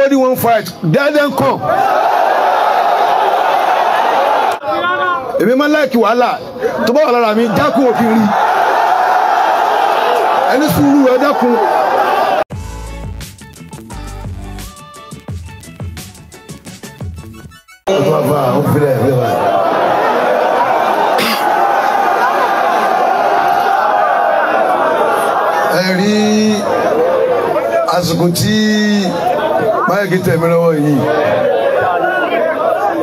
everybody wan fight then then come. èmi máa ń láìkì wàhálà tó bá wà lára mi dákun òfin rí ẹni sùúrù ẹ dákun. ẹ rí àsìkò tí báyìí kì í tẹ̀ mí lọ́wọ́ yìí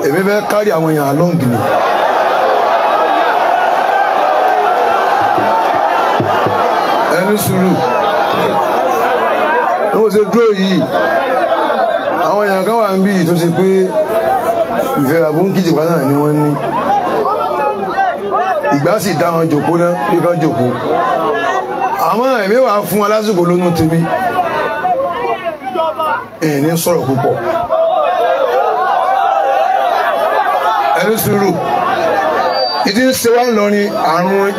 èmi fẹ́ kárí àwọn èèyàn along ni. ẹni sùúrù ní mo ṣe dúró yìí àwọn èèyàn kan wà ń bí tó ṣe pé ìfẹ́ra bóńkìtì kan náà ni wọ́n ní ìgbà sì dá wọn jòkó náà bí kan jòkó àmọ́ èmi wà fún wọn lásìkò lónú tèmi ẹni sọ̀rọ̀ púpọ̀ ẹni sùúrù ìdí ń ṣe wá Ìlọrin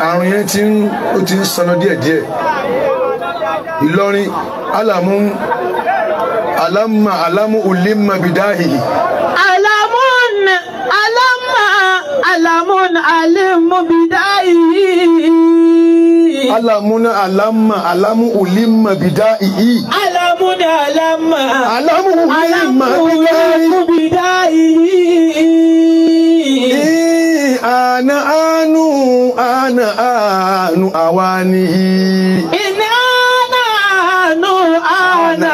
àrùn yẹn ti ń ó ti ń sanná díẹ̀díẹ̀ Ìlọrin alamu alama alamu ulima bidahihi. alamun alama alamun alimu bidahihi alamuna alama alamu ulima bida ihi. alamuna alama alamu ulima bida ihi. ana anu ana anu awani. ana anu ana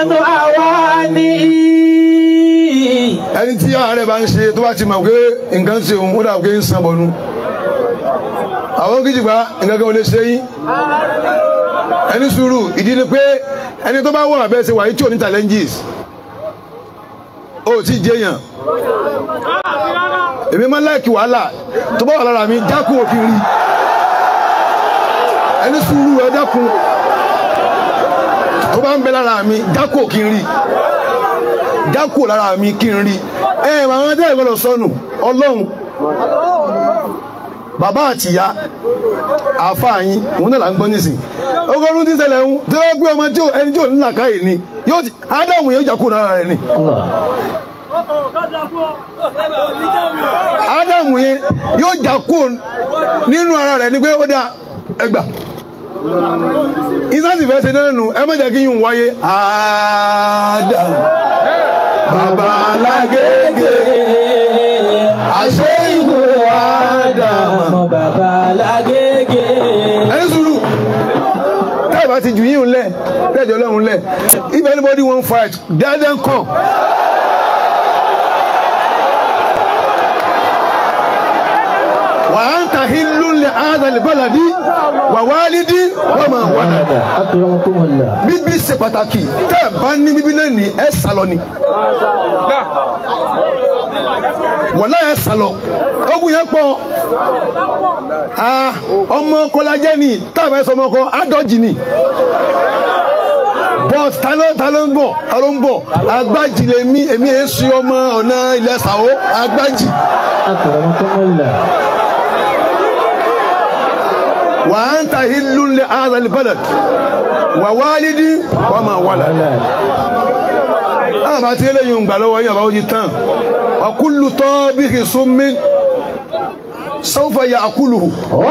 anu awanihi ẹni tí ààrẹ bá ń ṣe tó bá ti mọ̀ pé nǹkan ṣe òun ó dà pé ń sanbọ̀nu àwọn kìjìgbà nǹkan kan ò lè ṣe yín ẹni sùúrù ìdí ni pé ẹni tó bá wọ̀ abẹ́ ṣe wà yìí tí ò ní challenges ó ti jẹyàn èmi máa ń láìkí wàhálà tó bá wà lára mi dákun òfin rí ẹni sùúrù ẹ dákun tó bá ń bẹ lára mi dákun òkín rí dákun lára mi kí n rí ẹ màá wọn dẹ́rẹ́ gbọ́dọ̀ sọnù ọlọ́run. Baba àti ìyá àáfàá òun náà là ń gbọ́ nísìn ọgọ́rùn-ún ti ṣẹlẹ̀ ń tí wọ́n gbé ọmọ tí ẹni tí ò ní làkà yìí ni yóò ara rẹ ni pé ó ẹgbà fẹ́ ṣe ẹ má jẹ́ kí wáyé ádámù ọmọ bàbá lágége. ẹ sùúrù táyà bá ti jù yín lẹ tẹjọ lọhùn lẹ if anybody wan fight dandan kan. وأنت حل لهذا البلد ووالد bíbí ṣe pàtàkì tẹ́ ẹ bá ní bíbí náà ní ẹ sálọ ni wọ́lá ẹ̀ sàlọ̀ ogun yẹn pọ̀ ah, ọmọ kọlajẹ́ ni táàbà ẹ̀ sọ ọmọ kan adọ́jì ni bọ́s ta ló ta ló ń bọ̀ ta ló ń bọ̀ agbájì lè mí èmi èé su ọmọ ọ̀nà ilẹ̀ sàwó agbájì. wà á ń ta ìlú ní azalibalad wà wálídìí wà máa wà láyé bá ti eléyìí ń gbà lọ́wọ́ yín àbáwọ́ ti tán ọ̀kúlù tọ́ bí kì í sún mí sọ́fà yà àkúlù.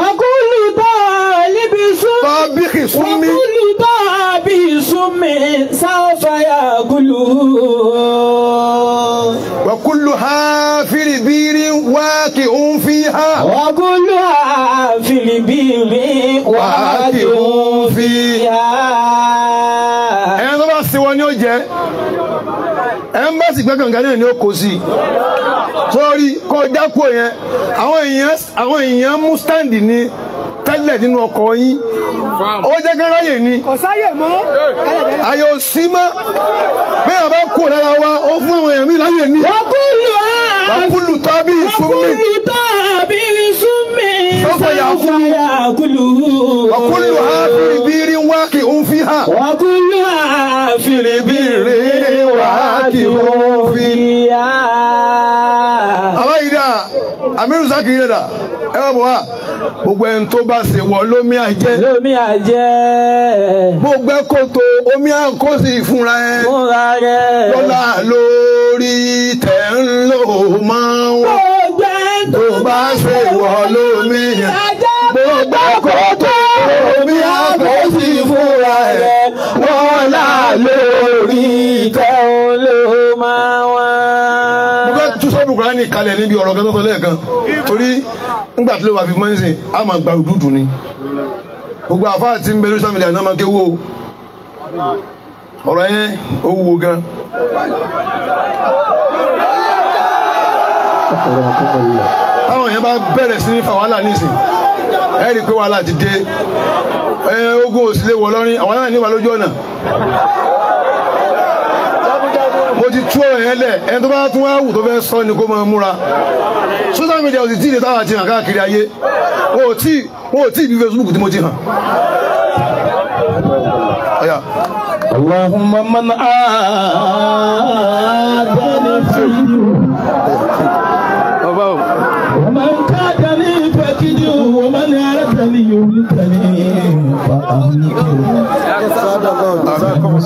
ọ̀kúlù tọ́ níbi sún mi. tọ́ bí kì í sún mi. ọ̀kúlù tọ́ bí sún mi sọ́fà yà àkúlù. ọ̀kúlù ha fìrìbìrì wá kì í ń fi ha. ọ̀kúlù. bá sì náà ni ó kó sí sórí kó dáko yẹn àwọn èèyàn àwọn èèyàn mú stáǹdì ni tẹ́lẹ̀ nínú ọkọ̀ yín ó jẹ́ kí ráyè ni kò ò sí mọ́ bí àwọn bá kú lára wa ó fún àwọn èèyàn mi láyè ni. wákùlù á wákùlù tábí súnmi. wákùlù tábí súnmi. sọ́kọ̀ yà á kúlù. wákùlù wọ́n kú ní àfìrìbìrì wàhálì òfin. àwọn yìí dà Amiru Zakir yìí dà ẹ wá bọ̀ wá gbogbo ẹni tó bá ṣe wọ lómi àjẹ. lómi àjẹ. gbogbo ẹkọtọ omi àkóso ìfúnra ẹ. fúnra rẹ. lọ́la lórí tẹ̀ ń lò máa ń wọ̀. gbogbo ẹni tó bá ṣe wọ lómi. kùránì kalẹ̀ níbi ọ̀rọ̀ kan tọ́tọ́ lẹ́ẹ̀kan torí nígbà tí ló wà fi a máa gba òdúdú ni gbogbo àfáà tí ń bẹ lóṣù àmì àná máa ké wó ọ̀rọ̀ yẹn ó wúwo gan. táwọn yẹn bá bẹ̀rẹ̀ sí ní fa wàhálà nísìn ẹ rí i pé wàhálà ti dé ogun òsì wọ̀ lọ́rin àwọn náà mo ti tú ọ̀rọ̀ yẹn lẹ̀ ẹni tó bá tún wá wù tó fẹ́ sọ ni kó máa múra social media ò sì tí ì lè táwọn àti hàn káàkiri ayé wọn ò tí wọn ò tí ì bí Facebook tí mo ti hàn. اللهم من آذاني ومن كادني فكده ومن أردني يبلتني فأهلكه